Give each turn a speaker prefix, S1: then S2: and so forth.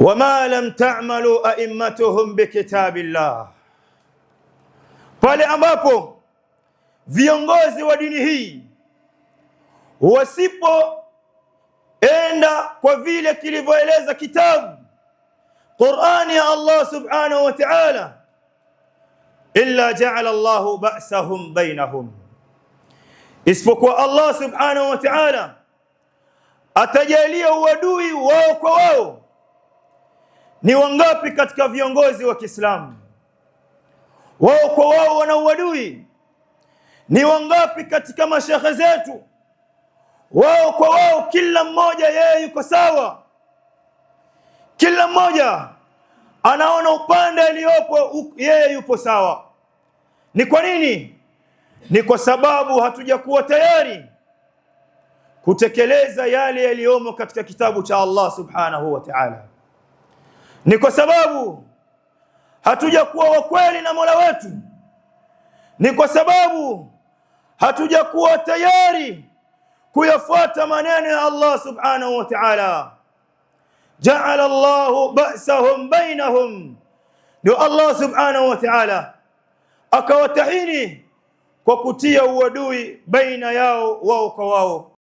S1: wama lam ta'malu a'immatuhum bikitabillah, pale ambapo viongozi wa dini hii wasipoenda kwa vile kilivyoeleza kitabu Qur'ani ya Allah subhanahu wa ta'ala, illa ja'ala Allahu ba'sahum bainahum, isipokuwa Allah subhanahu wa ta'ala atajalia uadui wao kwa wao ni wangapi katika viongozi wa Kiislamu wao kwa wao wana uadui? Ni wangapi katika mashehe zetu wao kwa wao, kila mmoja yeye yuko sawa, kila mmoja anaona upande aliyopo yeye yupo sawa. Ni kwa nini? Ni kwa sababu hatujakuwa tayari kutekeleza yale yaliyomo katika kitabu cha Allah subhanahu wa ta'ala ni kwa sababu hatujakuwa wakweli na Mola wetu, ni kwa sababu hatujakuwa tayari kuyafuata maneno ya Allah subhanahu wa ta'ala. Jaala Allahu ba'sahum bainahum, ndio Allah subhanahu wa ta'ala akawatahini kwa kutia uadui baina yao wao kwa wao.